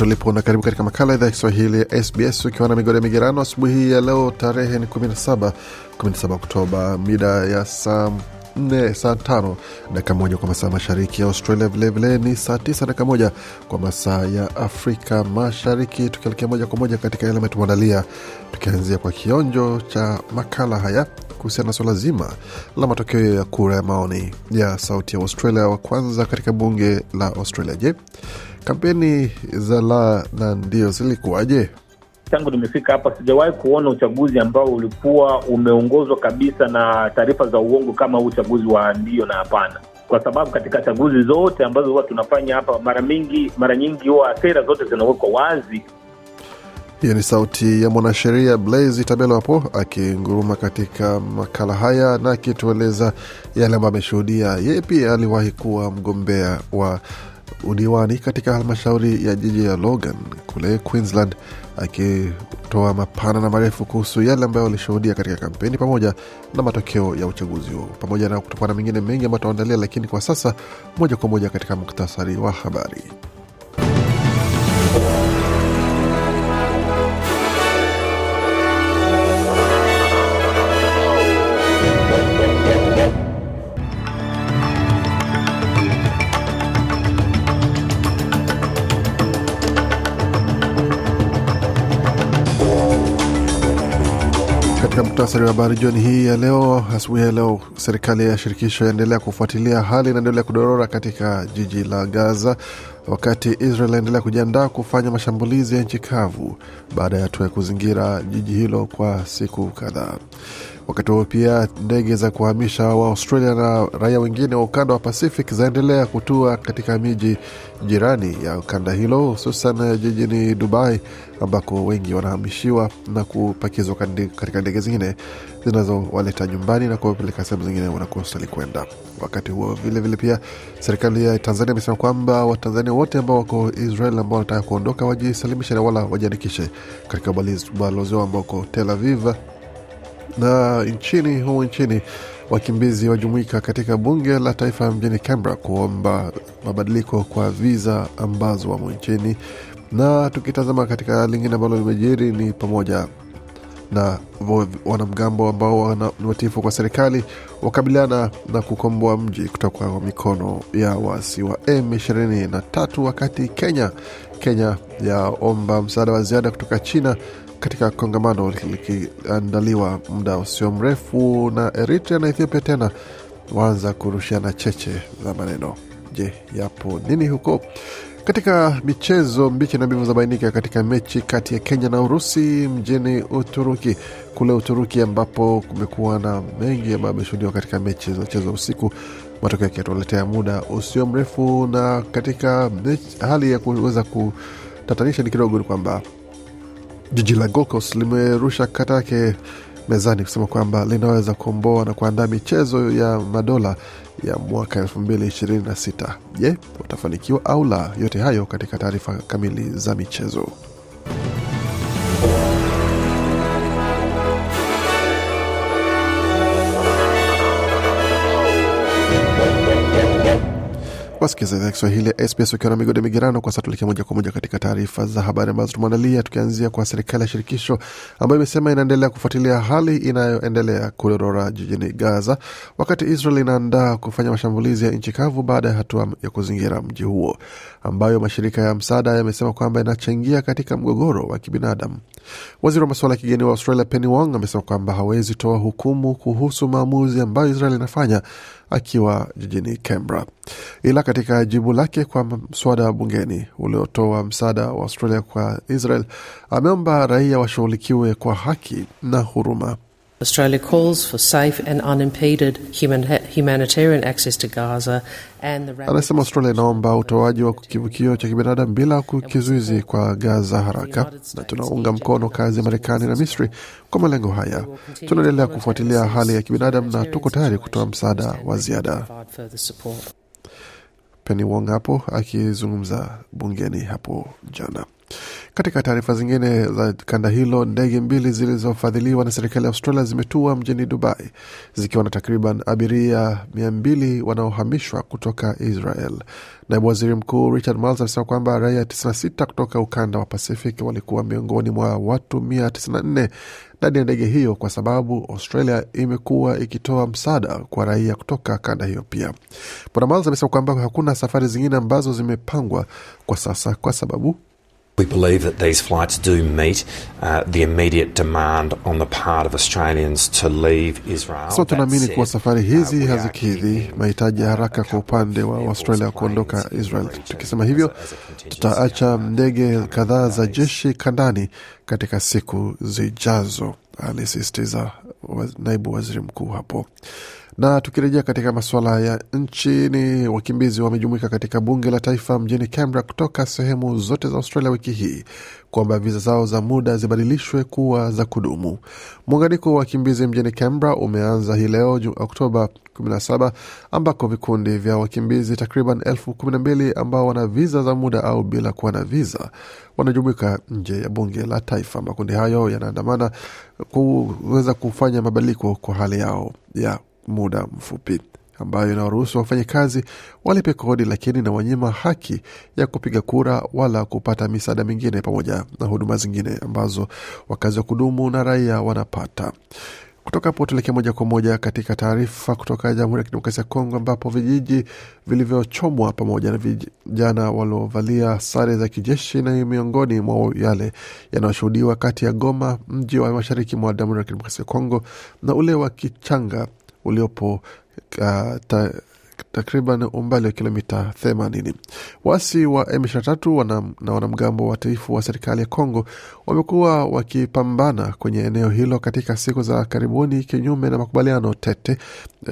popote ulipo na karibu katika makala idhaa Kiswahili ya SBS ukiwa na migodo ya migerano. Asubuhi hii ya leo tarehe ni 17 17 Oktoba mida ya saa nne saa tano dakika moja kwa masaa mashariki ya Australia, vilevile ni saa tisa dakika moja kwa masaa ya Afrika Mashariki, tukielekea moja kwa moja katika yale ametuandalia, tukianzia kwa kionjo cha makala haya kuhusiana na swala zima la matokeo ya kura ya maoni ya sauti ya Australia wa kwanza katika bunge la Australia. Je, Kampeni za la na ndio zilikuwaje? Tangu nimefika hapa sijawahi kuona uchaguzi ambao ulikuwa umeongozwa kabisa na taarifa za uongo kama huu uchaguzi wa ndio na hapana, kwa sababu katika chaguzi zote ambazo huwa tunafanya hapa, mara mingi, mara nyingi huwa sera zote zinawekwa wazi. Hiyo ni sauti ya mwanasheria Blaise Tabelo hapo akinguruma katika makala haya na akitueleza yale ambayo ameshuhudia. Yeye pia aliwahi kuwa mgombea wa udiwani katika halmashauri ya jiji ya Logan kule Queensland, akitoa mapana na marefu kuhusu yale ambayo walishuhudia katika kampeni pamoja na matokeo ya uchaguzi huo, pamoja na kutokuwa na mengine mengi ambayo tunaandalia, lakini kwa sasa moja kwa moja katika muktasari wa habari. Katika muktasari wa habari jioni hii ya leo, asubuhi ya leo, serikali ya shirikisho yaendelea kufuatilia hali inaendelea kudorora katika jiji la Gaza, wakati Israel aendelea kujiandaa kufanya mashambulizi ya nchi kavu baada ya hatua ya kuzingira jiji hilo kwa siku kadhaa. Wakati huo pia ndege za kuhamisha wa Australia na raia wengine wa ukanda wa Pacific zaendelea kutua katika miji jirani ya ukanda hilo, hususan jijini Dubai ambako wengi wanahamishiwa na kupakizwa katika ndege zingine zinazowaleta nyumbani na kuwapeleka sehemu zingine wanakostali kwenda. Wakati huo vilevile vile pia serikali ya Tanzania imesema kwamba Watanzania wote ambao wako Israel ambao wanataka kuondoka wajisalimishe na wala wajiandikishe katika ubalozi wao ambao wako Tel Aviv na nchini humu nchini wakimbizi wajumuika katika bunge la taifa mjini Canberra kuomba mabadiliko kwa viza ambazo wamo nchini. Na tukitazama katika lingine ambalo limejiri ni pamoja na wanamgambo ambao ni watifu kwa serikali wakabiliana na kukomboa mji kutoka kwa mikono ya waasi wa M23, wakati Kenya Kenya yaomba msaada wa ziada kutoka China katika kongamano likiandaliwa muda usio mrefu na Eritrea na Ethiopia tena waanza kurushiana cheche za maneno. Je, yapo nini huko? Katika michezo, mbichi na mbivu bainika katika mechi kati ya Kenya na Urusi mjini Uturuki, kule Uturuki, ambapo kumekuwa na mengi ambayo ameshuhudiwa katika mechi zinazochezwa usiku. Matokeo yake yatuletea muda usio mrefu, na katika mechi, hali ya kuweza kutatanisha ni kidogo ni kwamba Jiji la Gold Coast limerusha kata yake mezani kusema kwamba linaweza kuomboa na kuandaa michezo ya madola ya mwaka 2026. Je, watafanikiwa au la? Yote hayo katika taarifa kamili za michezo. Vasquez, idhaa Kiswahili ya SBS, ukiwa na migode migerano. Kwa sasa tulekea moja kwa moja katika taarifa za habari ambazo tumeandalia, tukianzia kwa serikali ya shirikisho ambayo imesema inaendelea kufuatilia hali inayoendelea kudorora jijini Gaza, wakati Israel inaandaa kufanya mashambulizi ya nchi kavu baada ya hatua ya kuzingira mji huo ambayo mashirika ya msaada yamesema kwamba inachangia katika mgogoro wa kibinadamu. Waziri wa masuala ya kigeni wa Australia Penny Wong amesema kwamba hawezi toa hukumu kuhusu maamuzi ambayo Israel inafanya akiwa jijini Canberra. Ila katika jibu lake kwa mswada bungeni uliotoa msaada wa Australia kwa Israel, ameomba raia washughulikiwe kwa haki na huruma. Australia calls for safe and unimpeded human, humanitarian access to Gaza and the Anasema Australia inaomba utoaji wa kivukio cha kibinadamu bila kukizuizi kwa Gaza haraka, na tunaunga mkono kazi ya Marekani na Misri kwa malengo haya. Tunaendelea kufuatilia hali ya kibinadamu na tuko tayari kutoa msaada wa ziada. Penny Wong hapo akizungumza bungeni hapo jana. Katika taarifa zingine za kanda hilo, ndege mbili zilizofadhiliwa na serikali ya Australia zimetua mjini Dubai zikiwa na takriban abiria mia mbili wanaohamishwa kutoka Israel. Naibu waziri mkuu Richard Marles amesema kwamba raia 96 kutoka ukanda wa Pacific walikuwa miongoni mwa watu 194 ndani ya ndege hiyo, kwa sababu Australia imekuwa ikitoa msaada kwa raia kutoka kanda hiyo. Pia Bwana Marles amesema kwamba hakuna safari zingine ambazo zimepangwa kwa sasa kwa sababu We believe that these flights do meet uh, the immediate demand on the part of Australians to leave Israel. So tunaamini kuwa safari hizi uh, hazikidhi mahitaji ya haraka kwa upande wa Australia kuondoka Israel. Tukisema hivyo, tutaacha ndege kadhaa za jeshi kandani katika siku zijazo, alisisitiza naibu waziri mkuu hapo. Na tukirejea katika masuala ya nchini, wakimbizi wamejumuika katika bunge la taifa mjini Canberra kutoka sehemu zote za Australia wiki hii kwamba viza zao za muda zibadilishwe kuwa za kudumu. Muunganiko wa wakimbizi mjini Canberra umeanza hii leo Oktoba 17 ambako vikundi vya wakimbizi takriban elfu 12 ambao wana viza za muda au bila kuwa na viza wanajumuika nje ya bunge la taifa. Makundi hayo yanaandamana kuweza kufanya mabadiliko kwa hali yao ya muda mfupi ambayo inawaruhusu wafanyakazi walipe kodi, lakini na wanyima haki ya kupiga kura wala kupata misaada mingine pamoja na huduma zingine ambazo wakazi wa kudumu na raia wanapata. Kutoka hapo tuelekee moja kwa moja katika taarifa kutoka Jamhuri ya Kidemokrasia ya Kongo, ambapo vijiji vilivyochomwa pamoja na vijana waliovalia sare za kijeshi na miongoni mwa yale yanayoshuhudiwa kati ya Goma, mji wa mashariki mwa Jamhuri ya Kidemokrasia ya Kongo, na ule wa Kichanga uliopo ta, takriban umbali wa kilomita 80. Waasi wa M23 wana, na wanamgambo watiifu wa serikali ya Kongo wamekuwa wakipambana kwenye eneo hilo katika siku za karibuni, kinyume na makubaliano tete,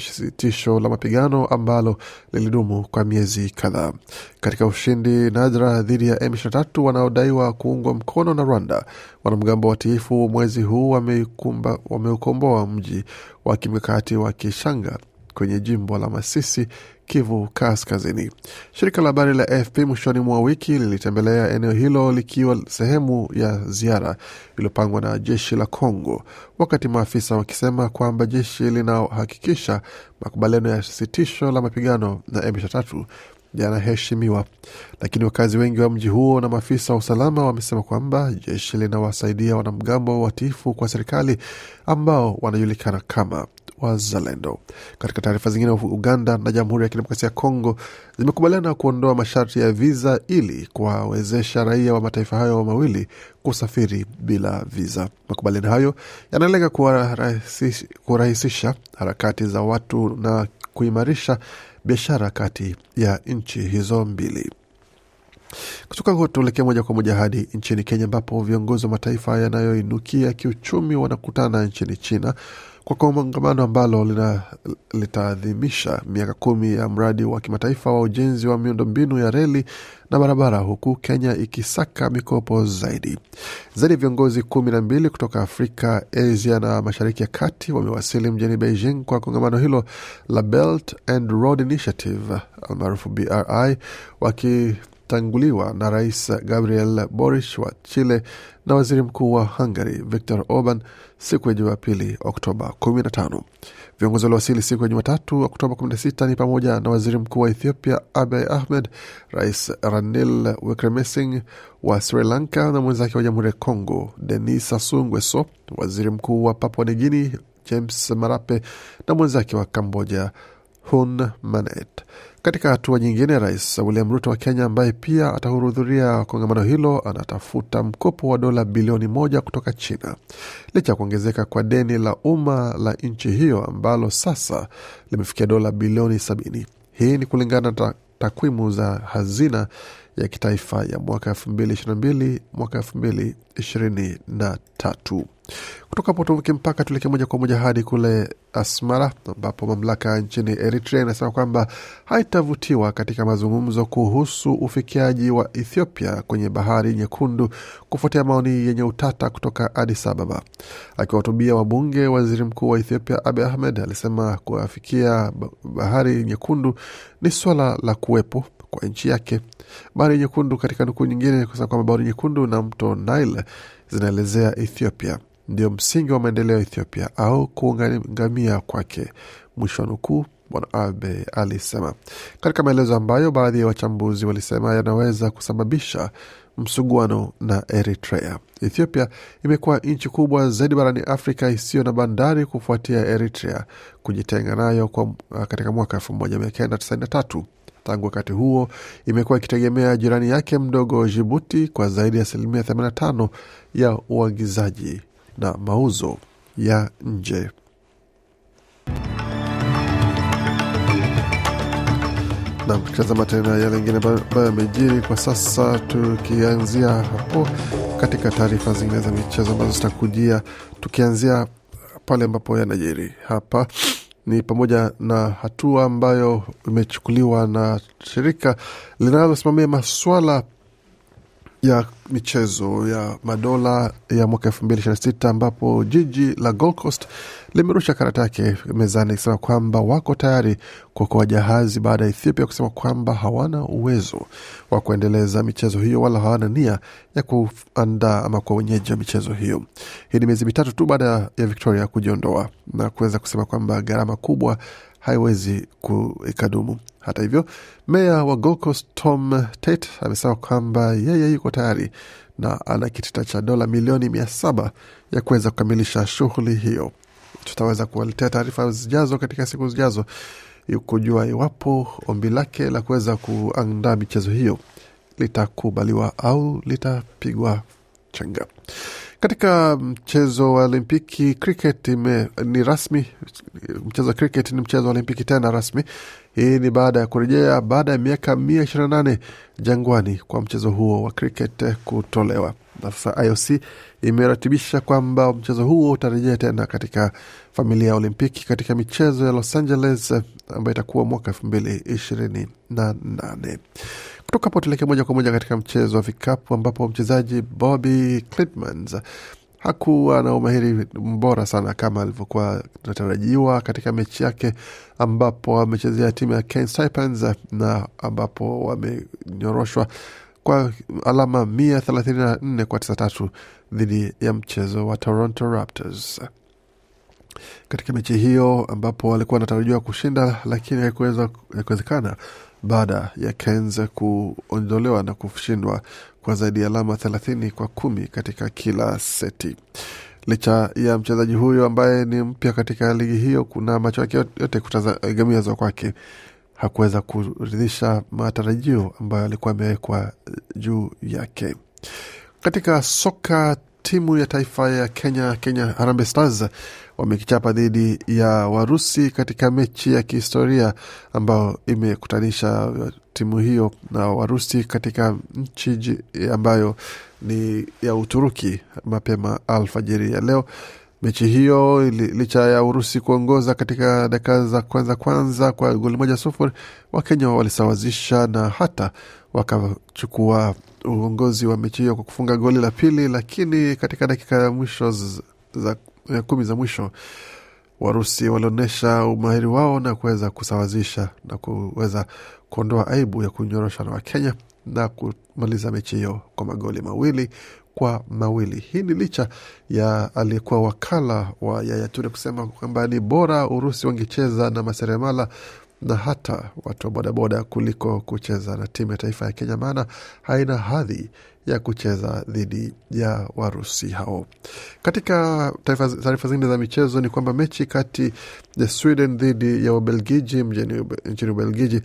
sitisho la mapigano ambalo lilidumu kwa miezi kadhaa. Katika ushindi nadra dhidi ya M23 wanaodaiwa kuungwa mkono na Rwanda, wanamgambo wa taifu mwezi huu wameukomboa wa mji wa kimkakati wa Kishanga kwenye jimbo la Masisi, Kivu Kaskazini. Shirika la habari la AFP mwishoni mwa wiki lilitembelea eneo hilo likiwa sehemu ya ziara iliyopangwa na jeshi la congo wakati maafisa wakisema kwamba jeshi linaohakikisha makubaliano ya sitisho la mapigano na M23 yanaheshimiwa. Lakini wakazi wengi wa mji huo na maafisa wa usalama wamesema kwamba jeshi linawasaidia wanamgambo watiifu kwa serikali ambao wanajulikana kama wazalendo. Katika taarifa zingine, Uganda na Jamhuri ya Kidemokrasia ya Kongo zimekubaliana kuondoa masharti ya viza ili kuwawezesha raia wa mataifa hayo mawili kusafiri bila viza. Makubaliano hayo yanalenga kurahisisha harakati za watu na kuimarisha biashara kati ya nchi hizo mbili. Kutoka huko tuelekee moja kwa moja hadi nchini Kenya, ambapo viongozi wa mataifa yanayoinukia kiuchumi wanakutana nchini China kwa kongamano ambalo litaadhimisha miaka kumi ya mradi wa kimataifa wa ujenzi wa miundombinu ya reli na barabara, huku Kenya ikisaka mikopo zaidi. Zaidi ya viongozi kumi na mbili kutoka Afrika, Asia na Mashariki ya Kati wamewasili mjini Beijing kwa kongamano hilo la Belt and Road Initiative almaarufu BRI waki kutanguliwa na Rais Gabriel Boric wa Chile na Waziri Mkuu wa Hungary Viktor Orban siku ya Jumapili, Oktoba 15. Viongozi waliowasili siku ya Jumatatu, Oktoba 16, ni pamoja na Waziri Mkuu wa Ethiopia Abiy Ahmed, Rais Ranil Wickremesinghe wa Sri Lanka na mwenzake wa Jamhuri ya Kongo Denis Sassou Nguesso, Waziri Mkuu wa Papua New Guinea James Marape na mwenzake wa Kamboja Hun Manet. Katika hatua nyingine, Rais William Ruto wa Kenya ambaye pia atahudhuria kongamano hilo anatafuta mkopo wa dola bilioni moja kutoka China licha ya kuongezeka kwa deni la umma la nchi hiyo ambalo sasa limefikia dola bilioni sabini. Hii ni kulingana na takwimu za hazina ya kitaifa ya mwaka mbili mwaka tatu. Kutoka Potovuki mpaka tuelekee moja kwa moja hadi kule Asmara, ambapo mamlaka nchini Eritrea inasema kwamba haitavutiwa katika mazungumzo kuhusu ufikiaji wa Ethiopia kwenye bahari nyekundu kufuatia maoni yenye utata kutoka Adis Ababa. Akiwahutubia wabunge, waziri mkuu wa Ethiopia Abi Ahmed alisema kuafikia bahari nyekundu ni swala la kuwepo kwa nchi yake. Bahari Nyekundu, katika nukuu nyingine, kusema kwamba Bahari Nyekundu na mto Nile zinaelezea Ethiopia ndio msingi wa maendeleo ya Ethiopia au kuungamia kwake, mwisho wa nukuu. Bwana Abe alisema katika maelezo ambayo baadhi ya wachambuzi walisema yanaweza kusababisha msuguano na Eritrea. Ethiopia imekuwa nchi kubwa zaidi barani Afrika isiyo na bandari kufuatia Eritrea kujitenga nayo katika mwaka tatu. Tangu wakati huo imekuwa ikitegemea jirani yake mdogo Jibuti kwa zaidi ya asilimia 85 ya uagizaji na mauzo ya nje. Nam, tukitazama tena yale ingine ambayo yamejiri kwa sasa, tukianzia hapo katika taarifa zingine za michezo ambazo zitakujia, tukianzia pale ambapo yanajiri hapa ni pamoja na hatua ambayo imechukuliwa na shirika linalosimamia maswala ya michezo ya madola ya mwaka elfu mbili ishirini na sita ambapo jiji la Gold Coast limerusha karata yake mezani ikisema kwamba wako tayari kuokoa jahazi baada ya Ethiopia kusema kwamba hawana uwezo wa kuendeleza michezo hiyo wala hawana nia ya kuandaa ama kwa wenyeji wa michezo hiyo. Hii ni miezi mitatu tu baada ya Victoria kujiondoa na kuweza kusema kwamba gharama kubwa haiwezi kuikadumu. Hata hivyo, meya wa Gold Coast Tom Tate amesema kwamba yeye yuko tayari na ana kitita cha dola milioni mia saba ya kuweza kukamilisha shughuli hiyo. Tutaweza kuwaletea taarifa zijazo katika siku zijazo kujua iwapo ombi lake la kuweza kuandaa michezo hiyo litakubaliwa au litapigwa chenga. Katika mchezo wa Olimpiki, cricket ime, ni rasmi. Mchezo wa cricket ni mchezo wa Olimpiki tena rasmi. Hii ni baada ya kurejea baada ya miaka mia ishirina nane jangwani kwa mchezo huo wa cricket kutolewa. sasa IOC imeratibisha kwamba mchezo huo utarejea tena katika familia ya Olimpiki katika michezo ya Los Angeles ambayo itakuwa mwaka elfu mbili ishirini na nane. Kutoka hapo tuelekee moja kwa moja katika mchezo wa vikapu ambapo mchezaji Bobby Clitmans hakuwa na umahiri mbora sana kama alivyokuwa natarajiwa katika mechi yake ambapo amechezea timu ya Cairns na ambapo wamenyoroshwa kwa alama mia nne kwa tatu dhidi ya mchezo wa Toronto Raptors katika mechi hiyo ambapo walikuwa wanatarajiwa kushinda lakini haikuwezekana baada ya Keynes kuondolewa na kushindwa kwa zaidi ya alama thelathini kwa kumi katika kila seti. Licha ya mchezaji huyo ambaye ni mpya katika ligi hiyo, kuna macho yake yote kutazamia kwake, hakuweza kuridhisha matarajio ambayo alikuwa amewekwa juu yake. Katika soka, timu ya taifa ya Kenya, Kenya Harambee Stars wamekichapa dhidi ya Warusi katika mechi ya kihistoria ambayo imekutanisha timu hiyo na Warusi katika nchi ambayo ni ya Uturuki mapema alfajiri ya leo. Mechi hiyo licha ya Urusi kuongoza katika dakika za kwanza kwanza kwa goli moja sufuri, Wakenya walisawazisha na hata wakachukua uongozi wa mechi hiyo kwa kufunga goli la pili, lakini katika dakika ya mwisho za ya kumi za mwisho Warusi walionyesha umahiri wao na kuweza kusawazisha na kuweza kuondoa aibu ya kunyorosha na Wakenya na kumaliza mechi hiyo kwa magoli mawili kwa mawili. Hii ni licha ya aliyekuwa wakala wa Yaya Ture kusema kwamba ni bora Urusi wangecheza na maseremala na hata watu wa bodaboda kuliko kucheza na timu ya taifa ya Kenya, maana haina hadhi ya kucheza dhidi ya Warusi hao. Katika taarifa zingine za michezo ni kwamba mechi kati ya Sweden dhidi ya Ubelgiji nchini Ubelgiji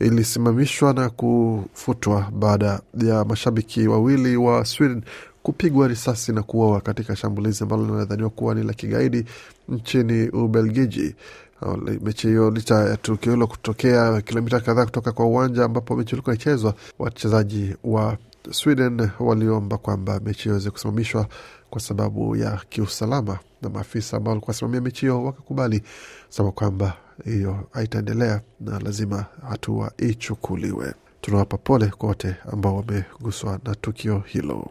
ilisimamishwa na kufutwa baada ya mashabiki wawili wa Sweden kupigwa risasi na kuuawa katika shambulizi ambalo linadhaniwa kuwa ni la kigaidi nchini Ubelgiji mechi hiyo licha ya tukio hilo kutokea kilomita kadhaa kutoka kwa uwanja ambapo mechi ulikuwa ichezwa, wachezaji wa Sweden waliomba kwamba mechi hiyo iweze kusimamishwa kwa sababu ya kiusalama, na maafisa ambao walikuwa wasimamia mechi hiyo wakakubali sema kwamba hiyo haitaendelea na lazima hatua ichukuliwe. Tunawapa pole kwa wote ambao wameguswa na tukio hilo.